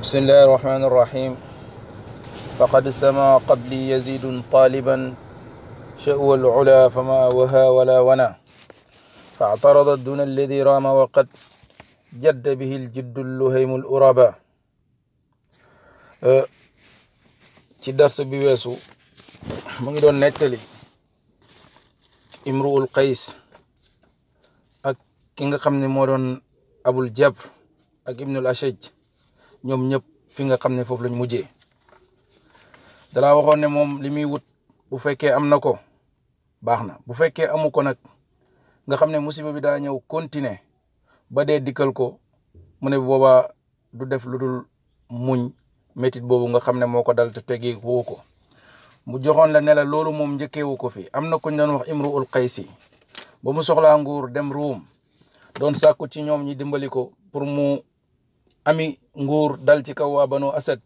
بسم الله الرحمن الرحيم فقد سما قبلي يزيد طالبا شأو العلا فما وها ولا ونا فاعترضت دون الذي رام وقد جد به الجد اللهيم الأرابا ci darsu bi weesu mu امرو القيس nettali imruul qays ak ki nga xam ne ñom ñep fi nga xamne fofu foofu lañ mujjee dalaa waxone ne limi wut bu fekkee amna ko baxna bu fekkee amu ko nag nga xamne musibe bi da ñew continuer ba dé dikkel ko mu ne du def lu muñ metit bobu nga xamne moko dal te woko mu joxoon la ne la mom moom woko fi amna ko kuñ wax imru qaisi ba mu soxla nguur dem ruum don sakku ci ñom ñi dimbali ko pour mu ami nguur dal ci kaw banu asad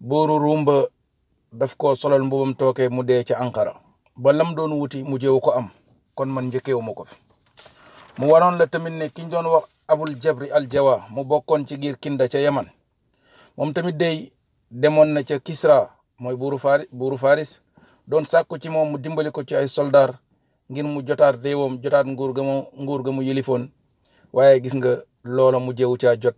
booru rumba daf ko solal mbubam tooke mu dee ci Ankara ba lam doon wuti mu jéew ko am kon man njëkkeewu ma ko fi mu waroon la tamit ne ki ñu doon wax abul jabri al jawa mu bokkoon ci giir kinda ca yeman moom tamit day demoon na ca kisra mooy buuru fari buuru faris doon sàkku ci moom mu dimbali ko ci ay soldaar ngir mu jotaat réewam jotaat nguur ga mu nguur ga mu yëlifoon gis nga loolo mu jéewu caa jot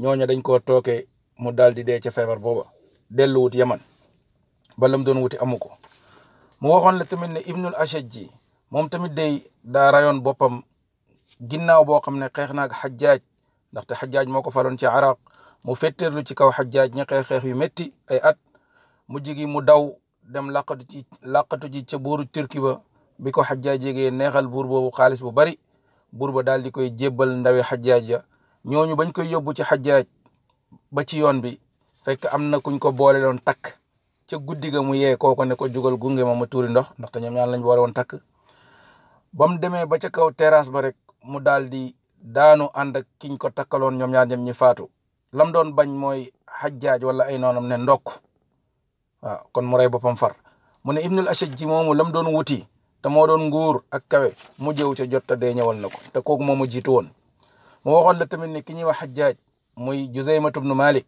ñooña dañ koo tooke mu daal di dee ca feebar booba dellu wut yaman ba lam doon wuti amu ko mu waxoon la tamit ne ibnul ashaj ji moom tamit day daa rayoon boppam ginnaaw boo xam ne xeex naag xajjaaj ndaxte xajjaaj moo ko faloon ci araq mu fetteerlu ci kaw xajjaaj ña xeex xeex yu metti ay at mu jigi mu daw dem làqatu ci làqatu ji ca buuru turki ba bi ko xajjaaj yégee neexal buur boobu xaalis bu bari buur ba daal di koy jébbal ndawi xajjaaj ya ñooñu bañ koy yóbbu ci xajjaaj ba ci yoon bi fekk am na kuñ ko boole loon takk ca guddi ga mu yee ko ne ko jugal gunge ma ma tuuri ndox ndaxte ñoom ñaan lañ boole woon takk ba mu demee ba ca kaw terrasse ba rek mu dal di daanu ànd ak kiñ ko takkaloon ñoom ñaar ñi faatu lam doon bañ mooy xajjaaj wala ay noonam ne ndokk waaw kon mu rey boppam far mu ne ibnul ashaj ji moomu lam doon wuti te moo doon nguur ak kawe mu jow ca jot te dee ñëwal na ko te kooku moom mu jiitu woon mu waxoon la tamit ni ki ñuy wax Hajjaaj muy Juzaymat ibnu Malik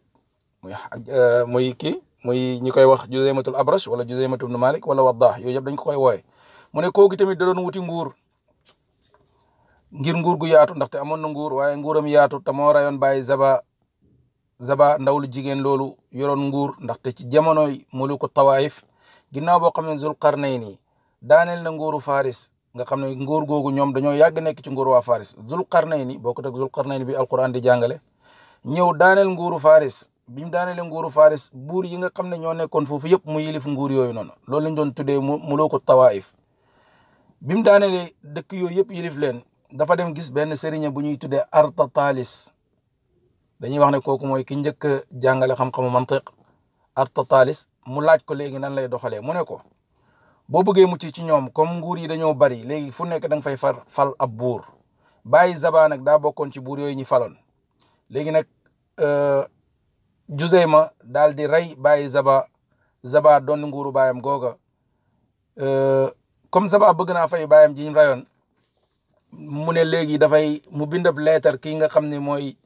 muy eh, muy kii muy ñi koy wax Juzaymatul Abrash wala Juzaymat ibnu Malik wala Waddah yooyu yëpp dañ ko koy wooye mu ne kooku tamit da doon wuti nguur ngir nguur gu yaatu ndaxte amoon na nguur waaye nguuram yaatu ta moo rayoon bàyyi zaba zaba ndaw lu jigéen loolu yoroon nguur ndaxte ci jamonoy muluku tawaayif ginnaaw boo xam ne Zulqarnayni daaneel na nguuru Faris nga xam ne nguur googu ñoom dañoo yàgg nekk ci nguur waa Faris Zulqarnayni bokkut ak Zulqarnayni bi alquran di jàngale ñëw daaneel nguuru Faris bi mu daaneele nguuru Faris buur yi nga xam ne ñoo nekkoon foofu yëpp mu yilif nguur yooyu noonu loolu lañ doon tuddee mu mulooku tawaayif bi mu daaneele dëkk yooyu yëpp yilif leen dafa dem gis benn sëriñ bu ñuy tuddee Artatalis dañuy wax ne kooku mooy ki njëkk jàngale xam-xamu mantiq Artatalis mu laaj ko léegi nan lay doxalee mu ne ko. boo bëggee mucc ci ñoom comme nguur yi dañoo bari léegi fu nekk da fay far fal ab buur bàyyi zaba nag daa bokkoon ci buur yooyu ñu faloon léegi nag euh, Juzayma daal di rey bàyyi zaba zaba doon nguuru baayam googa euh, comme zaba bëgg naa fay baayam ji ñu rayoon mu ne léegi dafay mu bindab leetar kii nga xam ni mooy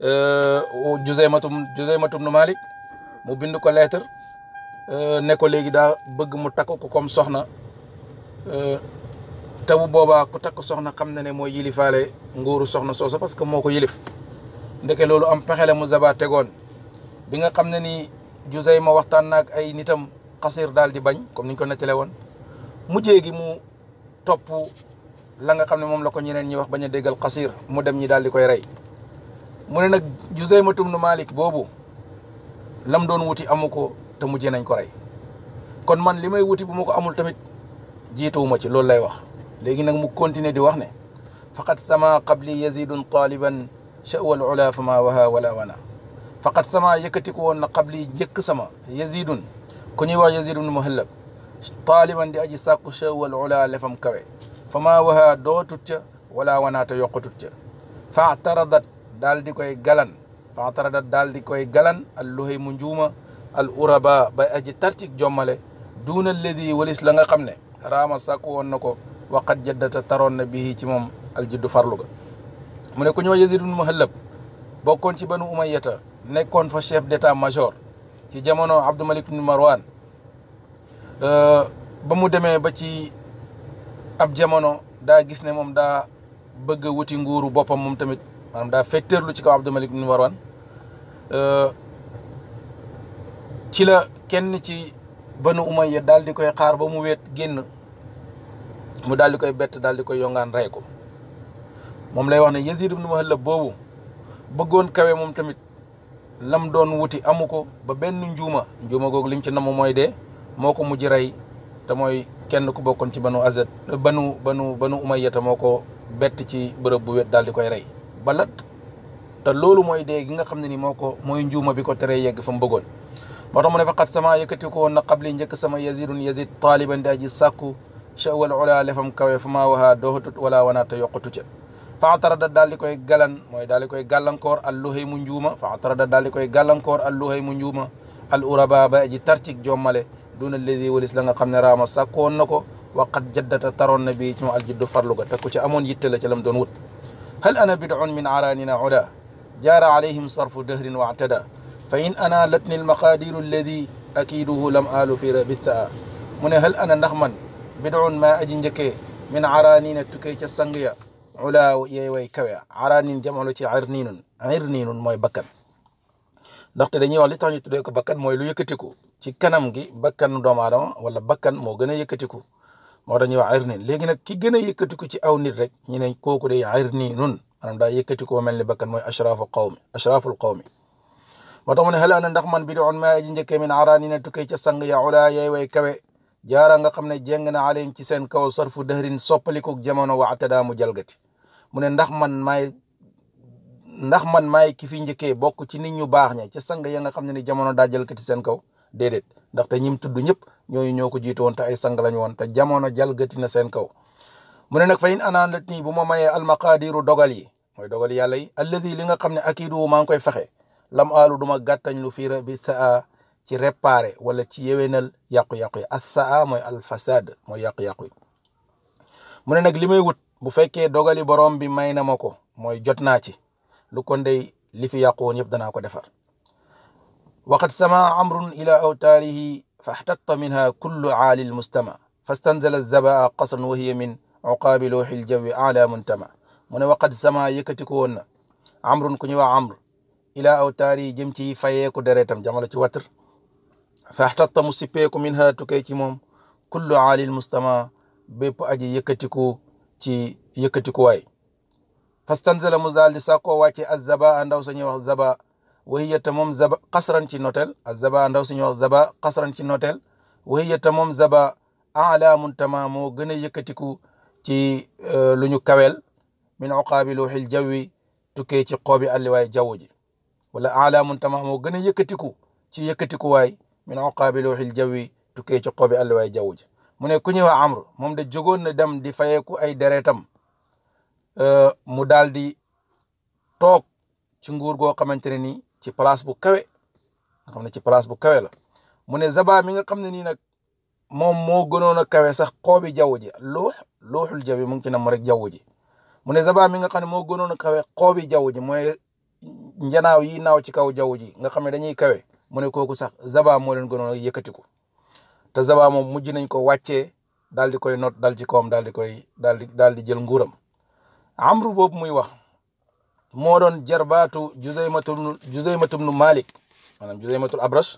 euh, Juzaymatum Juzaymatum nu Malik mu bind ko leetar Euh, ne ko léegi daa bëgg mu takk ko comme soxna euh, te bu boobaa ku takk soxna xam ne ne mooy yilifaale nguuru soxna soosa parce que moo ko yilif ndeke loolu am pexe la mu zaba tegoon bi nga xam ne ni ma waxtaan naag ay nitam xasir daal di bañ comme niñ ko nettale woon mujjee gi mu topp la nga xam ne moom la ko ñeneen ñi wax bañ a déggal xasir mu dem ñi daal di koy rey mu ne nag Juzaymatum nu Malik boobu lam doon wuti amu ko te mujjé nañ ko ray kon man limay wuti bu ma amul tamit jitouma ci lolou lay wax léegi nak mu continuer di wax ne faqat sama qabli yazidun taliban shawal ula fama waha wala wana faqat sama yekati ko won qabli jek sama yazid ku ñuy wax yazid ibn muhallab taliban di aji sàkku sha'wa ula lefam kawe fama waha dootut ca wala wana ta yokkutut ca fa'taradat dal di koy galan fa'taradat dal di koy galan alluhay munjuma al uraba bay aji tartik jommale duuna ledi walis la nga xam ne raama sàkk woon na ko waqat jaddata taroon na bii ci moom aljiddu farlu ga mu ne ku ñëw Yazid ibn Muhallab bokkoon ci banu Umayyata nekkoon fa chef d'état-major ci jamono Abdou Malik ibn Marwan euh, ba mu demee ba ci ab jamono daa gis ne moom daa bëgg wuti nguuru boppam moom tamit maanaam daa fetteerlu ci kaw Abdou Malik ibn Marwan euh, ci la kenn ci banu umaya dal di koy xaar ba mu wet génn mu dal di koy bett dal di koy yongaan rey ko moom lay wax ne yasid ibnu mahalab boobu bëggoon kawe moom tamit lam doon wuti amu ko ba benn njuuma njuuma googu lim ci namm mooy dee moo ko mujj rey te mooy kenn ku bokkoon ci banu azet banu banu banu umaya te moo ko bett ci bërëb bu wet dal di koy rey ba lat te loolu mooy dee gi nga xam ne ni moo ko mooy njuuma bi ko teree yegg fa mu bëggoon moo tax mu ne faqat sama yëkkati ko woon na qabli njëkk sama yazidun yazid taaliban daa ji sàkku chawal kawe fa maa waxaa dooxatut wala wanaata yoqatu ca faatarada daal di koy galan mooy daal di koy gàllankoor al luhay mu njuuma faatarada daal di koy gàllankoor al luhay mu njuuma al uraba ba ji tarcik jommale duna ledi walis la nga xam ne raama sàkkoon na ko waqat jaddata taroon na bii ku ci amoon la ca hal ana bidun min araanina uda jaara alayhim sarfu dahrin wa atada فإن أنا لتني المقادير الذي أكيده لم آل في ربثاء من هل أنا نخمن بدع ما أجنجك من عرانين التكيك السنغية علا وإيه ويكويا عرانين جمع لتي عرنين عرنين موي بكر دكت دانيو اللي تاني تدوك بكر موي لو يكتكو تي كنم جي بكر ندوم عرام ولا بكر مو غنى يكتكو مو دانيو عرنين لغنى كي غنى يكتكو تي أو نيرك نيني كوكو دي عرنين نون أنا دا يكتكو من اللي بكر موي أشراف القوم أشراف القومي moo tax mu ne xalaana ndax man bidi on maa aji njëkkee min araani ne tukkee ca sang ya ulaa yay way kawe jaara nga xam ne jéng na alayhim ci seen kaw sarfu dëhrin soppalikook jamono wa atada jalgati mu ne ndax man maay ndax man maay ki fi njëkkee bokk ci nit ñu baax ña ca sang ya nga xam ne ni jamono daa jalgati seen kaw déedéet ndaxte ñim tudd ñëpp ñooyu ñoo ko jiitu woon te ay sang lañu woon te jamono jalgati na seen kaw mu ne nag fa in anaan lat bu ma mayee almaqaadiru dogal yi mooy dogal yàlla yi alladi li nga xam ne akiidu maa ngi koy fexe lam aalu duma gàttañ lu fii bi saa ci réparé wala ci yewenal yàqu-yàqu yi as saa mooy alfasad mooy yàqu-yàqu yi mu ne nag li may wut bu fekkee dogali borom bi may na ma ko mooy jot naa ci lu ko ndey li fi yàqu woon yëpp danaa ko defar waqad sama amrun ila awtaarihi faxtatta minha kullu aali lmustama fastanzala zabaa qasran wa hiya min uqaabi looxi ljawi ala muntama mu ne waqad sama yëkkati ko woon na amrun ku ñuy wax ilaa awtaar yi jëm ci fayeeku deretam jamalo ci watr faxtatta mu sippeeku min ha tukkee ci moom kullu aalil mustama bépp aji yëkkatiku ci yëkkatikuwaay fastanzala mu daal di sàkkoo wàcce azzaba ndaw sa ñuy wax zaba wahiyata moom zaba ci notel azzaba ndaw sa ñuy wax ci notel wahiyata moom zaba ala muntama moo gën a yëkkatiku ci eh, lu ñu kawel min uqaabi luuxil jawwi tukkee ci xoobi àlliwaay jaww ji wala alaamun tamaa moo gën a yëkkatiku ci yëkkatiku waay min oqaabi looxil jawwi tukkee ci xobi àll waay jaww ji mu ne ku ñuy wa amr moom da jógoon na dem di fayeeku ay deretam euh, mu daal di toog ci nguur goo xamante ne ni ci place bu kawe nga xam ci place bu kawe la mu ne zaba mi nga xam ne nii nag moom moo gënoon a kawe sax xoobi jaww ji luux luuxul jaww ji mu ngi ci nam rek jaww ji mu zaba mi nga xam ne moo kawe xoobi jaww ji njanaaw yi naaw ci kaw jaww ji nga xam ne dañuy kawe mu ne kooku sax zaba moo leen gënoon a yëkkatiku te zaba moom mujj nañ ko wàccee daal di koy not dal ci kawam daal di koy daal daal di jël nguuram amru boobu muy wax moo doon jarbaatu juzaymatul juzaymatum nu malik maanaam juzaymatul abras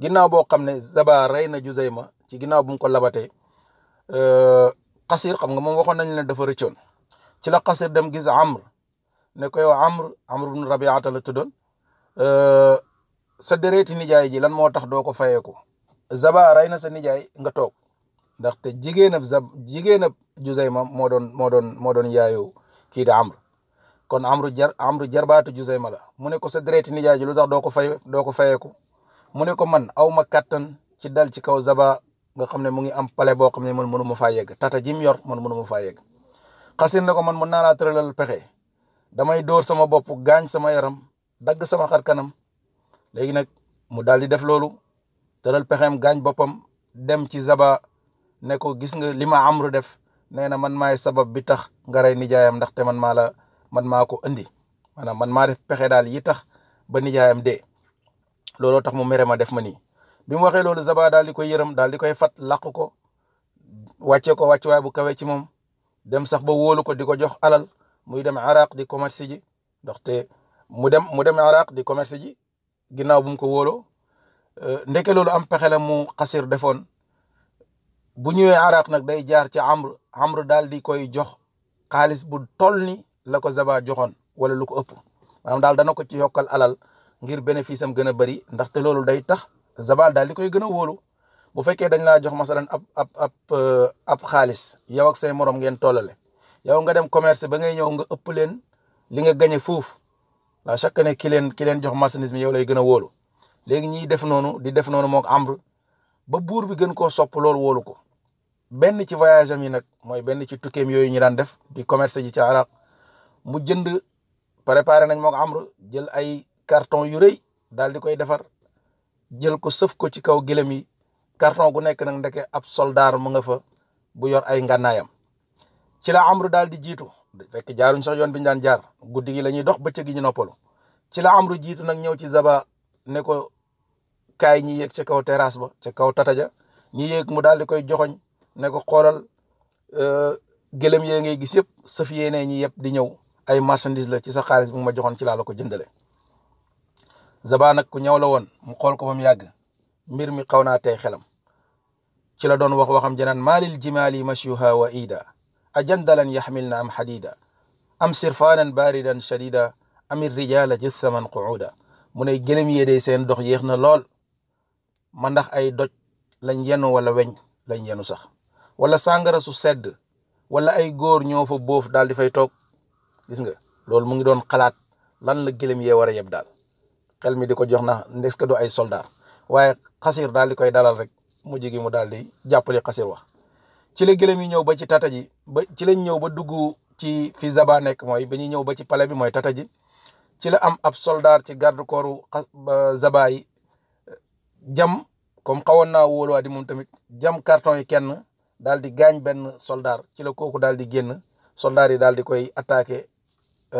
ginnaaw boo xam ne zaba rey na juzayma ci ginnaaw bum mu ko labatee xasir euh, xam nga moom waxoon nañ ne dafa rëccoon ci la xasir dem gis amr ne ko yow amr amr ibn rabiata la tuddoon euh, sa déreeti nijaay ji lan moo tax doo ko fayeeku zaba rey na sa nijaay nga toog ndaxte jigéenab zab jigéenab Juzayma moo doon moo doon moo doon yaayu kii di amr kon amr jar amru jarbaatu Juzayma la mu ne ko sa déreeti nijaay ji lu tax doo ko fay doo ko fayeeku mu ne ko man aw ma kattan ci dal ci kaw zaba nga xam ne mu ngi am pale boo xam ne man mënu ma faa yegg tata jim yor man mënu ma faa yegg xasin na ko man mën naa laa tëralal pexe damay dóor sama bopp gaañ sama yaram dagg sama xar kanam léegi nag mu daal di def loolu tëral pexeem gaañ boppam dem ci zaba ne ko gis nga li ma amru def nee na man maay sabab bi tax nga rey nijaayam ndaxte man maa la man maa ko indi maanaam man maa def pexe daal yi tax ba nijaayam de looloo tax mu mere ma def ma nii bi mu waxee loolu zaba daal di koy yërëm daal di koy fat làq ko wàccee ko wàccuwaay bu kawe ci moom dem sax ba wóolu ko di ko jox alal muy dem Araq di commerce ji ndaxte mu dem mu dem Araq di commerce ji ginnaaw bu mu ko wóoloo euh, ndeke loolu am pexe la mu xasir defoon bu ñëwee Araq nag day jaar ci amr amr daal di koy jox xaalis bu tol ni la ko Zaba joxoon wala lu ko ëpp maanaam daal dana ko ci yokkal alal ngir bénéfice am gën a bëri ndaxte loolu day tax Zaba daal di koy gën a wóolu bu fekkee dañ laa jox masalan ab ab ab euh, ab xaalis yow ak say morom ngeen tollale yow nga dem commerce ba ngay ñëw nga ëpp leen li nga gañe foofu chaque ne ki leen ki leen jox marchandise mi yow lay gën a wóolu léegi ñiy def noonu di def noonu moog ambre ba buur bi gën koo sopp loolu wóolu ko benn ci voyage am yi nag mooy benn ci tukkeem yooyu ñu daan def di commerce ji ci arab mu jënd préparé nañ moog ambre jël ay carton yu rëy daal di koy defar jël ko sëf ko ci kaw gëlëm yi carton gu nekk nag ndeke ab soldaar mu nga fa bu yor ay ngànnaayam ci la amru daal di jiitu fekk jaaruñ sax yoon bi ñu daan jaar guddi gi la ñuy dox bëccëg gi ñu noppalu ci la amru jiitu nag ñëw ci zaba ne ko kaay ñi yéeg ca kaw terrasse ba ca kaw ja ñi yéeg mu daal di koy joxoñ ne ko xoolal euh, gëlëm yee ngay gis yëpp sëf yéenee ñi yëpp di ñëw ay marchandise la ci sa xaalis bi ma joxoon ci laa la ko jëndale zaba nag ku ñëw la woon mu xool ko ba mu yàgg mbir mi xaw naa tey xelam ci la doon wax waxam jenaan maalil jimaali mashyuha wa أجندلا يحملنا أم حديدا أم سرفانا باردا شديدا أم الرجال جثما قعودا mu ne gëlëm yi day seen dox yéex na lool ma ndax ay doj lañ yenu wala weñ lañ yenu sax wala sàngara su sedd wala ay góor ñoo fa boof daal di fay toog gis nga loolu mu ngi doon xalaat lan la gëlëm yee war a yeb daal xel mi di ko jox na est-ce que du ay soldat waaye xasir daal di koy dalal rek mujj gi mu daal di jàppale xasir wax ci la gëlëm yi ñëw ba ci tata ji ba ci lañ ñëw ba dugg ci fi Zaba nekk mooy ba ñuy ñëw ba ci pale bi mooy tata ji ci la am ab soldar ci garde corps Zaba yi jam comme xawoon naa wóoluwaa moom tamit jam carton yi kenn dal di gaañ benn soldar ci la kooku daal di génn soldaar yi daal di koy attaque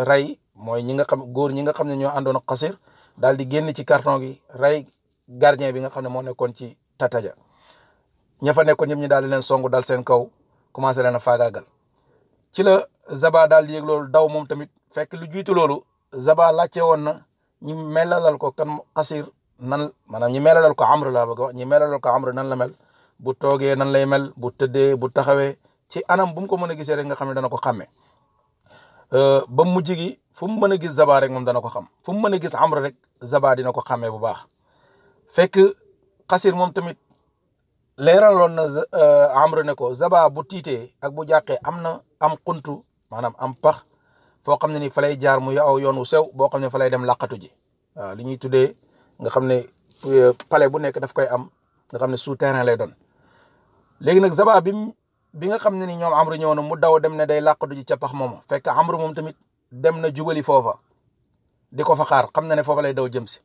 rey mooy ñi nga xam góor ñi nga xam ne ñoo àndoon ak xasir daal di génn ci carton gi rey gardien bi nga xam ne moo nekkoon ci tataja ña fa nekkoon ñëpp daal di leen song dal seen kaw commencé leen a faagaagal ci la Zaba daal di yëg daw moom tamit fekk lu jiitu loolu Zaba laajte woon na ñi melalal ko kan Asir nan maanaam ñi melalal ko Amr ba bëgg wax ñi melalal ko Amr nan la mel bu toogee nan lay mel bu tëddee bu taxawee ci anam bu mu ko mën a gisee rek nga xam ne dana ko xàmme euh, ba mujj gi fu mu mën a gis Zaba rek moom dana ko xam fu mu mën a gis Amr rek Zaba dina ko xàmmee bu baax fekk Asir moom tamit. leeraloon na euh, amre ne ko zaba bu tiitee ak bu jàqee am na am xuntu maanaam am pax foo xam ne ni fa lay jaar mu aw yoon wu sew boo xam ne fa lay dem làqatu ji li ñuy tuddee nga xam ne euh, palais bu nekk daf koy am nga xam ne sous terrain lay doon léegi nag zaba bi bi nga xam ne ni ñoom amru ñëw na mu daw dem ne day làqatu ji ca pax moomu fekk amru moom tamit dem na jubali foofa di ko fa xaar xam na ne foofa lay daw jëm si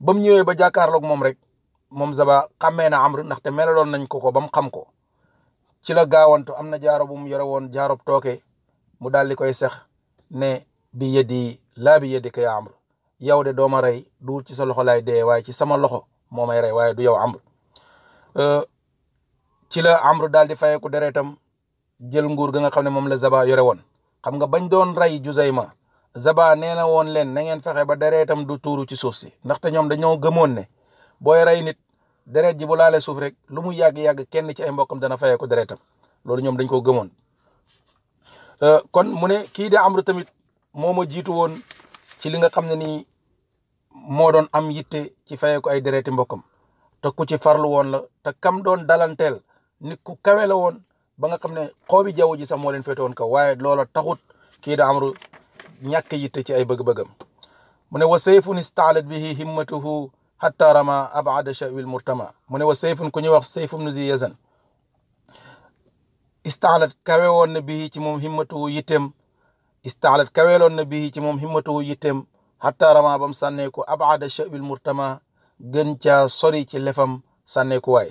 ba mu ñëwee ba jàkkaarloog moom rek moom saba xàmmee na Amr ndaxte melaloon nañ ko ko ba xam ko ci la gaawantu am na jaaro bu mu yore woon jaarob tooke mu daal di koy sex ne bi yeddi laa bi yeddi ko yaa Amr yow de doo ma rey du ci sa loxo laay dee waaye ci sama loxo moo may rey waaye du yow Amr euh, ci la Amr daal di fayeku deretam jël nguur ga nga xam ne moom la Zaba yore woon xam nga bañ doon rey Juzayma Zaba nee na woon leen na ngeen fexe ba deretam du tuuru ci suuf si ndaxte ñoom dañoo gëmoon ne. booy rey nit deret ji bu laalee suuf rek lu mu yàgg-yàgg kenn ci ay mbokkam dana fayee ko deretam loolu ñoom dañ ko gëmoon euh, kon mu ne kii de amru tamit moo ma jiitu woon ci li nga xam ne nii moo doon am yitte ci fayee ko ay dereti mbokkam te ku ci farlu woon la te kam doon dalanteel nit ku kawe la woon ba nga xam ne xoobi jaww ji sax moo leen féete woon kaw waaye loolo taxut kii de amru ñàkk yitte ci ay bëgg-bëggam mu ne wa sayfun istaalat bihi himmatuhu xataa rama abada shawil murtama mu ne wa sayfun ku ñuy wax sayfum nu zi yazan istaalat kawe woon na bii ci moom himmatuhu yitteem istaalat kaweeloon na bii ci moom himmatuhu yitteem xataa bam sànneeku abada shawil murtama gën ca sori ci lefam sànneeku waay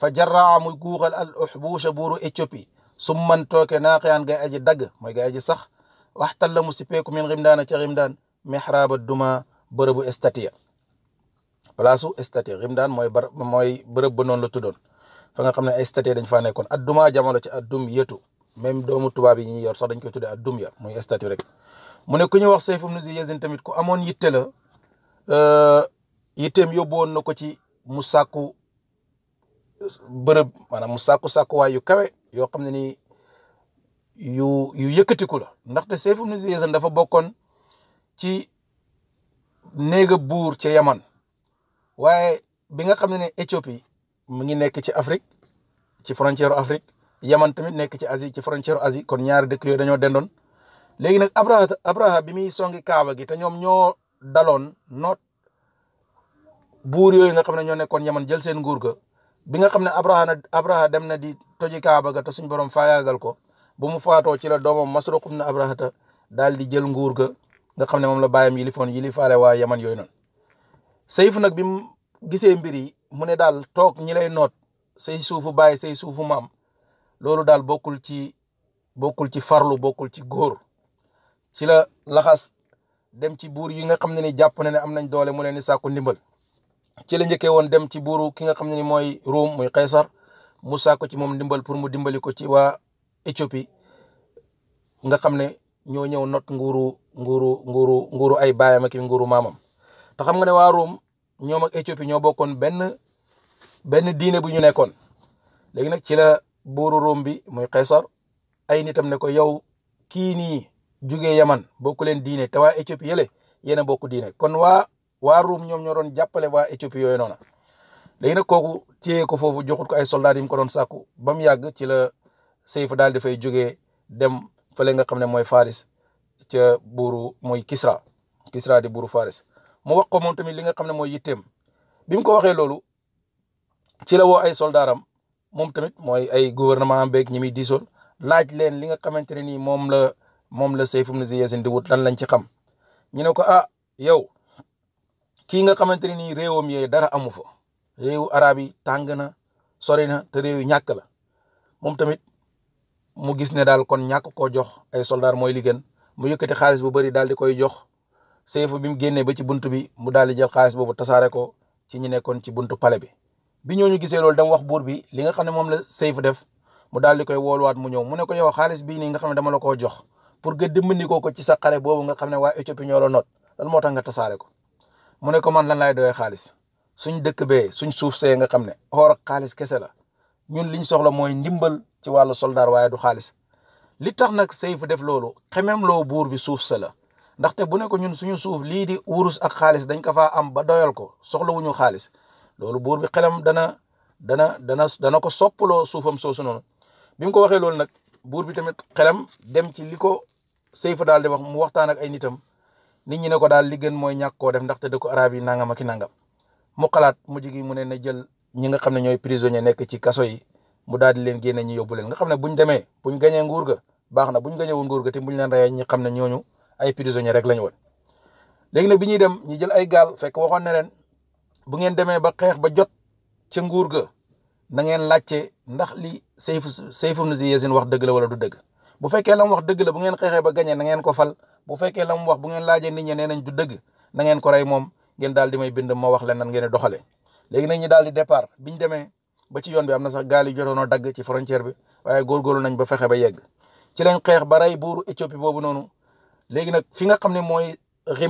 fa jarraa muy guuxal al uxbuusha buuru Éthiopie su man tooke naaqiyaan gay aji dagg mooy gay aji sax waxtal la mu sipeeku min rimdaana ca rimdaan mexraaba duma bërëbu estatia place su statue rimdaan mooy bar mooy bërëb ba noonu la tuddoon fa nga xam ne ay statue dañ faa nekkoon adduma jamono ci addum yetu même doomu tubaab yi ñu yor sax dañ koy tuddee addum ya muy statue rek. mu ne ku ñu wax Sayf ibn Zi Yazid tamit ku amoon yitte la euh, yitteem yóbbu woon na ko ci mu saku bërëb maanaam mu sàkku sàkkuwaay yu kawe yoo xam ne ni yu yu yëkkatiku la ndaxte Sayf ibn Zi Yazid dafa bokkoon ci néega buur ca Yaman waaye bi nga xam ne ne Éthiopie mu ngi nekk ci Afrique ci frontière Afrique Yaman tamit nekk ci Asie ci frontière asi kon ñaar dëkk yooyu dañoo dendoon léegi nag Abraha Abraha bi muy songi Kaaba gi te ñoom ñoo daloon noot buur yooyu nga xam ne ñoo nekkoon Yaman jël seen nguur ga bi nga xam ne Abraha na dem na di toji Kaaba ga te suñ borom faagaagal ko bu mu faatoo ci la doomam Masruq ibn Abraha daal di jël nguur ga nga xam ne moom la bàyyam yilifoon yilifaale waa Yaman yooyu noonu sayfu nag bi mu gisee mbir yi mu ne daal toog ñi lay noot say suufu baay say suufu maam loolu daal bokkul ci bokkul ci farlu bokkul ci góor ci la laxas dem ci buur yi nga xam ne ni jàpp na ne am nañ doole mu leen di sàkku ndimbal ci la njëkkee woon dem ci buuru ki nga xam ne ni mooy Ruum muy Qaysar mu sàkku ci moom ndimbal pour mu dimbali ko ci waa Éthiopie nga xam ne ñoo ñëw noot nguuru nguuru nguuru nguuru ay baayam ak nguuru maamam te xam nga ne waa Rome ñoom ak Éthiopie ñoo bokkoon benn benn diine bu ñu nekkoon léegi nag ci la buuru Rome bi muy Qaysar ay nitam ne ko yow kii nii jugee Yaman bokku leen diine te waa Éthiopie yële yéen a bokk diine kon waa waa Rome ñoom ñoo doon jàppale waa Éthiopie yooyu noonu léegi nag kooku téye ko foofu joxut ko ay soldats yi ko doon sàkku ba mu yàgg ci la Seyf daal dafay jógee dem fële nga xam ne mooy Faris ca buuru mooy Kisra Kisra di buuru Faris mu wax ko moom tamit li nga xam ne mooy yitteem bi mu ko waxee loolu ci la woo ay soldaaram moom tamit mooy ay gouvernement am beeg ñi muy diisoon laaj leen li nga xamante ne nii moom la moom la Sayf ibn Yazid di wut lan lañ ci xam ñu ne ko ah yow kii nga xamante ne nii réewam yee dara amu fa réewu arab yi tàng na sori na te réew yi ñàkk la moom tamit mu gis ne daal kon ñàkk koo jox ay soldaar mooy li gën mu yëkkati xaalis bu bari daal di koy jox sey seefu bi mu génnee ba ci bunt bi mu daal di jël xaalis boobu tasaare ko ci ñi nekkoon ci buntu pale bi bi ñooñu gisee loolu dama wax buur bi li nga xam ne moom la seefu def mu daal di koy wooluwaat mu ñëw mu ne ko yow xaalis bi nii nga xam ne dama la ko jox pour nga dimbandikoo ko ci sa xare boobu nga xam ne waa Éthiopie ñoo la noot lan moo tax nga tasaare ko mu ne ko man lan laay doyee xaalis suñ dëkk bee suñ suuf see nga xam ne xoor xaalis kese la ñun liñ soxla mooy ndimbal ci wàllu soldaar du xaalis li tax nag Seyfu def loolu xemem loo buur bi suuf sa la ndaxte bu ne ko ñun suñu suuf lii di wurus ak xaalis dañ ko faa am ba doyal ko ñu xaalis loolu buur bi xelam dana dana dana dana ko soppaloo suufam soosu noonu bi mu ko waxee loolu nag buur bi tamit xelam dem ci li ko Seyfu daal di wax mu waxtaan ak ay nitam ni ñi ne ko daal li gën mooy ñàkk koo def ndaxte dëkku arab yi nangam ak i nangam mu xalaat mu gi mu ne na jël ñi nga xam ne ñooy prisonnier nekk ci kaso yi mu daal di leen génne ñu yóbbu leen nga xam ne buñ demee buñ gañee nguur baax na buñ gañewul nguur ga te buñ leen reyee ñi xam ne ñooñu ay prisonniers rek lañ woon léegi nag bi ñuy dem ñu jël ay gaal fekk waxoon na leen bu ngeen demee ba xeex ba jot ca nguur ga na ngeen laajte ndax li Sayf Sayf ibn Yazid wax dëgg la wala du dëgg bu fekkee la mu wax dëgg la bu ngeen xeexee ba gañee na ngeen ko fal bu fekkee la mu wax bu ngeen laajee nit ñi nee nañ du dëgg nangeen ngeen ko rey moom ngeen daal di may bind ma wax leen nan ngeen doxale doxalee léegi nag ñu daal di départ bi ñu demee ba ci yoon bi am na sax gaal yi jotoonoo dagg ci frontière bi waaye góorgóorlu nañ ba fexe ba yegg boobu noonu léegi nag fi nga xam ne mooy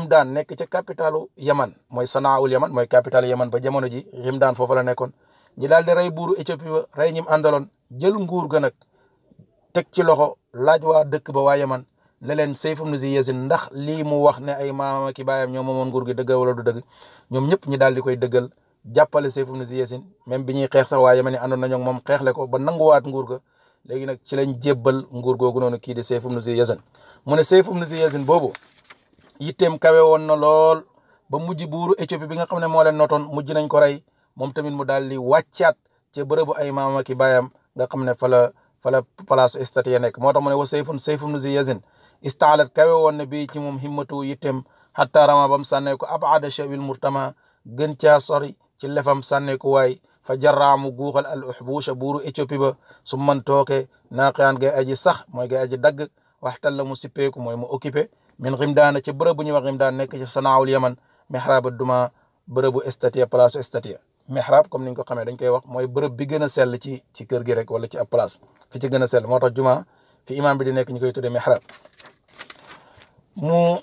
daan nekk ca capitalu Yaman mooy Sanaaul Yaman mooy capitalu Yaman ba jamono ji Rimdaan foofu la nekkoon ñi daal di rey buuru Éthiopie ba rey ñim àndaloon jël nguur ga nag teg ci loxo laaj waa dëkk ba waa Yaman ne leen Sayf ibn Yazid ndax lii mu wax ne ay maamam ak i baayam ñoom moomoon nguur gi dëgg wala du dëgg ñoom ñëpp ñi daal di koy dëggal jàppale Sayf ibn Yazid même bi ñuy xeex sax waa Yaman yi àndoon nañoo moom xeexle ko ba nanguwaat nguur ga léegi nag ci lañ jébbal nguur googu kii di Sayf ibn Yazid mu ne Sayf ibn Ziyazin boobu yitteem kawe woon na lool ba mujj buuru Éthiopie bi nga xam ne moo leen notoon mujj nañ ko rey moom tamit mu daal di wàccaat ca bërëbu ay maama ki baayam nga xam ne fa la fa la place statue nekk moo tax mu ne wa Sayfun Sayf ibn Ziyazin istaalat kawe woon na bii ci moom himmatu yitteem xataa rama bam sànnee ko abada shawil murtama gën caa sori ci lefam sànnee ko waay fa jarraamu guuxal al uxbuusha buuru Éthiopie ba su man tooke naaqaan gay aji sax mooy gay aji dagg waxtal la mu sippeeku mooy mu occupé min rimdaana ci bërëb bu ñuy wax rimdaan nekk ci sanaawul yaman mihrab duma bërëbu statia place statia mihrab comme ni nga ko xamee dañ koy wax mooy bërëb bi gën a sell ci ci kër gi rek wala ci ab place fi ci gën a sell moo tax juma fi imam bi di nekk ñu koy tuddee mihrab mu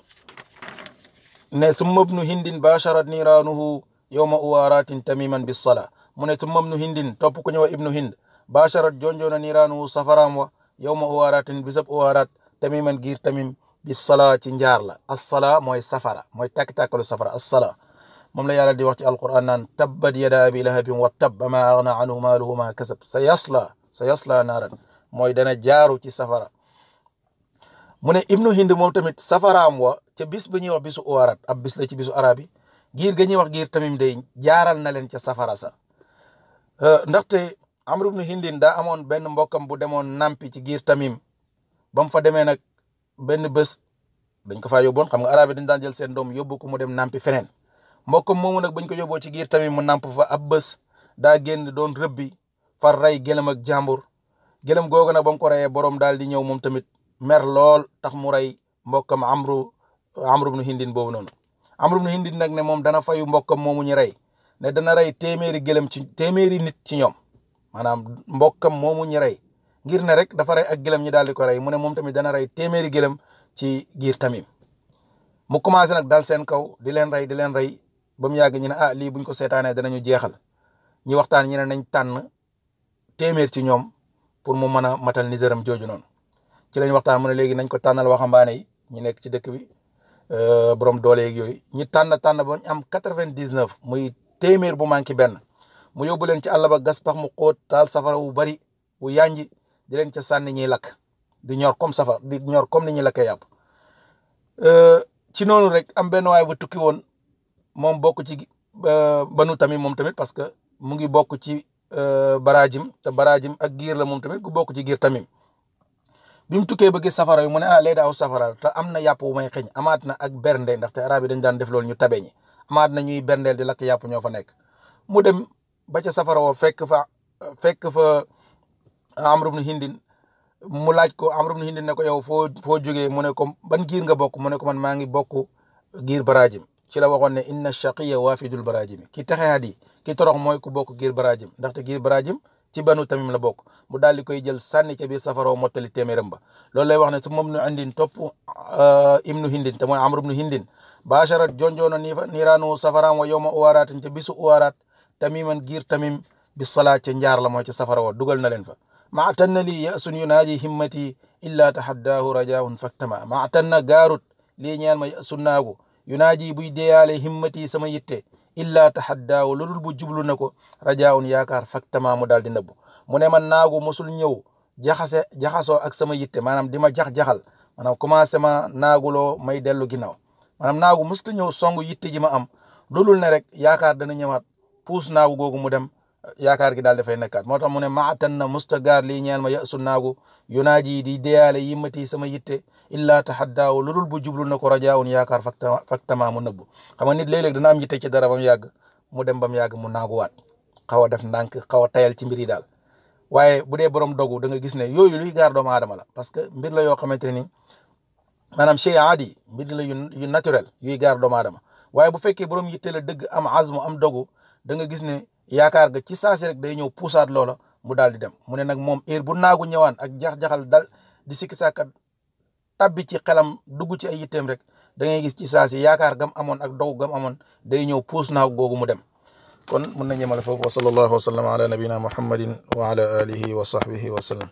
ne summa ibnu hindin basharat niraanuhu yowma uwaaratin tamiman bi sola mu ne summa ibnu hindin topp ku ñëw ibnu hind basharat jonjoona niraanuhu safaraam wa yowma uwaaratin bisab uwaaraat tamiman gir tamim bi sala ci njaar la sala moy safara moy tak takalu safara sala mom la yalla di wax ci alquran nan tabbad yada bi lahabin wa tabba ma aghna anhu maaluhu ma kasab sayasla sayasla naran moy dana jaru ci safara mune ibnu hind mom tamit am wa ci bis bu ñi wax bisu uwarat ab bis la ci bisu Arabi. gir giir ga wax gir tamim de jaral na len ci safara sa ndaxte amru ibnu hindin da, amon ben mbokam bu nampi ci gir tamim ba mu fa demee nag benn bés dañ ko faa yóbboon xam nga arabe dañ daan jël seen doom yóbbu ko dem nampi feneen mbokkam moomu nag bañ ko yóbboo ci giir tamit mu namp fa ab bés daa génn doon rëbbi far rey gëlëm ak jàmbur gëlëm googu nag ba mu ko reyee borom daal di ñëw moom tamit mer lool tax mu rey mbokkam amru amru bnu hindin boobu noonu amru bnu hindin nag ne moom dana fayu mbokkam moomu ñu rey ne dana rey téeméeri gëlëm ci téeméeri nit ci ñoom maanaam mbokkam moomu ñu rey ngir ne rek dafa rey ak gëlëm ñi daal di ko rek mu ne moom tamit dana rey téeméeri gëlëm ci giir tamit mu commencé nag dal seen kaw di leen rey di leen rey ba mu yàgg ñu ne ah lii buñ ko seetaanee danañu jeexal ñi waxtaan ñu ne nañ tànn téeméer ci ñoom pour mu mën a matal niseram jooju noonu ci lañ waxtaan mu ne léegi nañ ko tànnal waxambaane yi ñu nekk ci dëkk bi euh, borom doole yeeg yooyu ñi tànn tànn ba ñu am quatre vingt muy téeméer bu manqué benn mu yóbbu leen ci àll ba gas pax mu xóot taal safara wu bari wu yànji di leen ca sànni ñuy lakk di ñor comme safar di ñor comme ni ñuy lakkee yàpp euh, ci noonu rek am benn waay ba tukki woon moom bokk ci banu tamit moom tamit parce que mu ngi bokk ci euh, baraajim te baraajim ak giir la moom tamit gu bokk ci giir tamit bi mu tukkee ba gis safara yi mu ne ah léegi daaw safara te am na yàpp wu may xëñ amaat na ak bernde ndaxte arab yi dañ daan def loolu ñu tabe ñi amaat na ñuy berndeel di lakk yàpp ñoo fa nekk mu dem ba ca safara woo fekk fa fekk fa amru bnu hindin mu laaj ko amru bnu hindin ne ko yow foo foo jógee mu ne ko ban giir nga bokk mu ne ko man maa ngi bokk giir barajim ci la waxoon ne inna shaqiya waafidul barajim ki texeat yi ki torox mooy ku bokk giir barajim ndaxte giir barajim ci banu tamim la bokk mu daal di koy jël sànni ca biir safaroo mottali téeméeram ba loolu lay wax ne su moom nu indin topp uh, ibnu hindin te mooy amru bnu hindin basharat jonjoona niiraanu safaraam wa yowma uwaaraatin ca bisu uwaaraat tamiman giir tamim bi salaa ca njaar la mooy ca safara wa dugal na leen fa ma tanna lii yasun yunaaji himmati illa tahaddaahu rajaun faktama ma tanna gaarut lii ñaan ma yasun naagu yunaaji buy deeyaale himmati sama yitte illa tahaddaahu ludul bu jublu na ko rajaun yaakaar faktama mu daal di nëbbu mu ne man naagu mosul ñëw jaxase jaxasoo ak sama yitte maanaam di ma jax-jaxal maanaam commencé ma naaguloo may dellu ginnaaw maanaam naagu mosuta ñëw song yitte ji ma am ludul ne rek yaakaar dana ñëwaat puus naagu googu mu dem yaakaar gi daal dafay nekkaat moo tax mu ne maatan na lii ñeel ma yasu naagu yunaaji di deyaale yimmati sama yitte illaa taxaddaaw lu dul bu jublul na ko rajaawun yaakaar fakta faktamaa mu nëbbu xam nga nit léeg-léeg dana am yitte ci dara ba mu yàgg mu dem ba mu yàgg mu naaguwaat xaw a def ndànk xaw a tayal ci mbir yi daal waaye bu dee borom dogu da nga gis ne yooyu luy gaar doomu aadama la parce que mbir la yoo xamante ne ni maanaam chey aadi mbir la yu naturel yuy gaar doomu aadama waaye bu fekkee borom yitte la da yaakaar ga ci saasi rek day ñëw puusaat loola mu daal di dem mu ne nag moom heure bu naagu ñëwaan ak jax-jaxal dal di sikki sàkkat tabbi ci xelam dugg ci ay yitteem rek da ngay gis ci saasi yaakaar gam amoon ak dogu gam amoon day ñëw puus naagu googu mu dem kon mun na ñëmal foofu wa sallallahu wa sallam ala nabina muhammadin wa ala alihi wa sahbihi wa sallam